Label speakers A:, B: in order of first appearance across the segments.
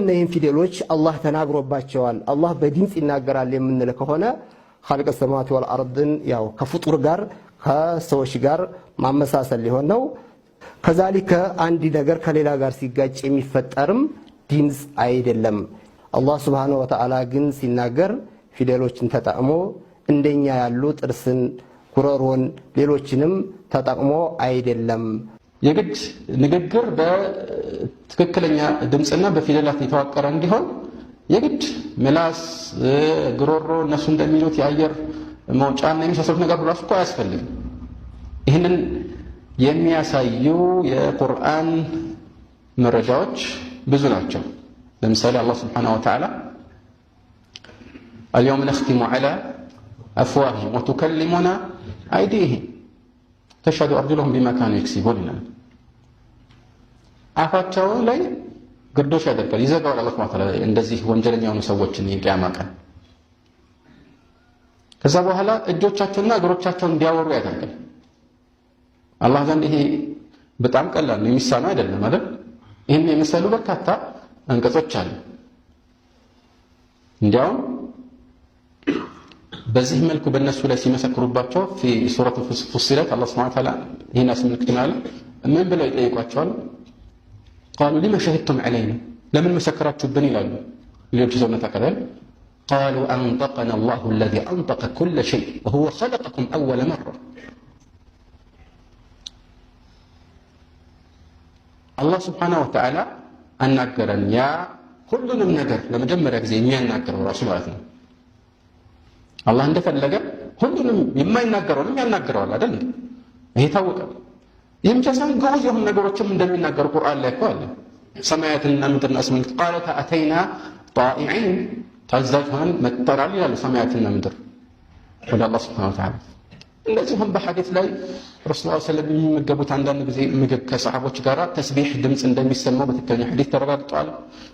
A: እነዚህ ፊደሎች አላህ ተናግሮባቸዋል። አላህ በድምፅ ይናገራል የምንል ከሆነ ኻልቀ ሰማዋት ወል አርድን ያው ከፍጡር ጋር ከሰዎች ጋር ማመሳሰል ሊሆን ነው። ከዛሊከ አንድ ነገር ከሌላ ጋር ሲጋጭ የሚፈጠርም ድምፅ አይደለም። አላህ ስብሓነሁ ወተዓላ ግን ሲናገር ፊደሎችን ተጠቅሞ እንደኛ ያሉ ጥርስን፣ ጉረሮን፣ ሌሎችንም ተጠቅሞ አይደለም።
B: يجد نجدر بتككلنا دمسنا بفيدلات يتوقرن ديهون يجد ملاس غرورو نسون دمينو تيعير موجعان نيمش أسوف نقابل رفكو أسفل إهنن يميا سايو يا قرآن مرجوج بزناتشو لمسالي الله سبحانه وتعالى اليوم نختم على أفواههم وتكلمنا أيديهم تشهد أرجلهم بما كانوا يكسبون አፋቸው ላይ ግርዶሽ ያደርጋል፣ ይዘጋዋል። አላህ ማለት ነው እንደዚህ ወንጀለኛ የሆኑ ሰዎችን የቂያማ ቀን። ከዛ በኋላ እጆቻቸውና እግሮቻቸውን እንዲያወሩ ያደርጋል። አላህ ዘንድ ይሄ በጣም ቀላል ነው፣ የሚሳነው አይደለም አይደል? ይህን የመሰሉ በርካታ አንቀጾች አሉ። እንዲያውም በዚህ መልኩ በእነሱ ላይ ሲመሰክሩባቸው ፊ ሱረቱ ፉሲለት አላህ ሱብሓነሁ ወተዓላ ይህን አስመልክትናል። ምን ብለው ይጠይቋቸዋል? قالوا لما شهدتم علينا لمن مسكرات تبني لنا اللي يبتزون تقدم قالوا أنطقنا الله الذي أنطق كل شيء وهو خلقكم أول مرة الله سبحانه وتعالى أنقر يا كل من نقر لما جمر زين يا نقر ورسول الله الله اندفن لقى كل من يما ينقر ولم ينقر ولا هي توقف ይህ ብቻ ሳይሆን ጎበዝ የሆኑ ነገሮችም እንደሚናገር ቁርአን ላይ እኮ አለ። ሰማያትንና ምድርን አስመልክቶ ቃለት አተይና ጣኢዒን ታዛዥ ሆነን መጥተናል ይላሉ። ሰማያትና ምድር ወደ አላህ ስብሐነ ወተዓላ እንደዚሁም በሐዲት ላይ ረሱል ላ ስለም የሚመገቡት አንዳንድ ጊዜ ምግብ ከሰሓቦች ጋር ተስቢሕ ድምፅ እንደሚሰማው በትክክለኛ ሐዲት ተረጋግጧል።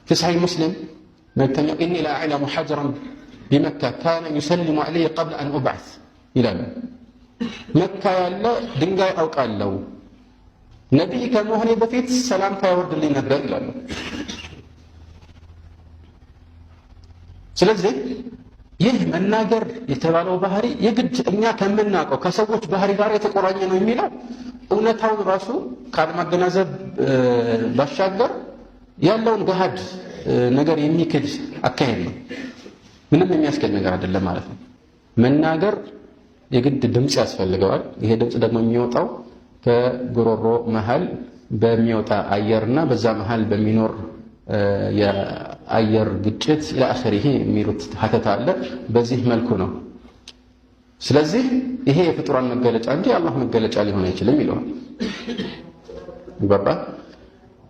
B: ፊ ሰሒህ ሙስሊም መልክተኛው ኢኒ ላ አዕለሙ ሓጀራን ቢመካ ካነ ዩሰልሙ ዐለይ ቀብለ አን ኡብዓት ይላሉ። መካ ያለ ድንጋይ አውቃለሁ ነቢይ ከመሆኔ በፊት ሰላምታ ያወርድልኝ ነበር ይላሉ። ስለዚህ ይህ መናገር የተባለው ባህሪ የግድ እኛ ከምናውቀው ከሰዎች ባህሪ ጋር የተቆራኘ ነው የሚለው እውነታውን ራሱ ካለማገናዘብ ባሻገር ያለውን ገሃድ ነገር የሚክድ አካሄድ ነው። ምንም የሚያስገኝ ነገር አይደለም ማለት ነው። መናገር የግድ ድምፅ ያስፈልገዋል። ይሄ ድምፅ ደግሞ የሚወጣው ከጉሮሮ መሃል በሚወጣ አየርና በዛ መሃል በሚኖር የአየር ግጭት ኢላአኸሪህ የሚሉት ሀተታ አለ። በዚህ መልኩ ነው። ስለዚህ ይሄ የፍጡራን መገለጫ እንጂ የአላህ መገለጫ ሊሆን አይችልም ይለዋል።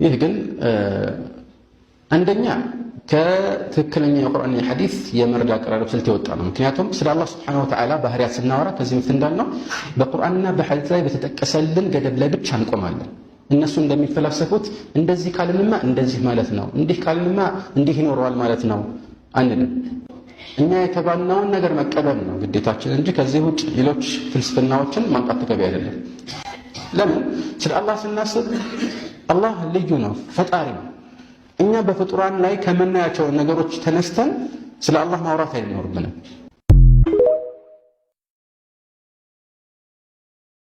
B: ይህ ግን አንደኛ ከትክክለኛ የቁርአን የሐዲስ የመረድ አቀራረብ ስልት የወጣ ነው። ምክንያቱም ስለ አላህ ስብሐነሁ ወተዓላ ባህሪያት ስናወራ ከዚህ በፊት እንዳልነው በቁርአንና በሐዲስ ላይ በተጠቀሰልን ገደብ ላይ ብቻ እንቆማለን። እነሱ እንደሚፈላሰፉት እንደዚህ ካልንማ እንደዚህ ማለት ነው፣ እንዲህ ካልንማ እንዲህ ይኖረዋል ማለት ነው አንልም። እኛ የተባናውን ነገር መቀበል ነው ግዴታችን እንጂ ከዚህ ውጭ ሌሎች ፍልስፍናዎችን ማምጣት ተገቢ አይደለም። ለምን ስለ አላህ ስናስብ አላህ ልዩ ነው፣ ፈጣሪ ነው እኛ በፍጡራን ላይ ከምናያቸውን ነገሮች ተነስተን ስለ አላህ ማውራት አይኖርብንም።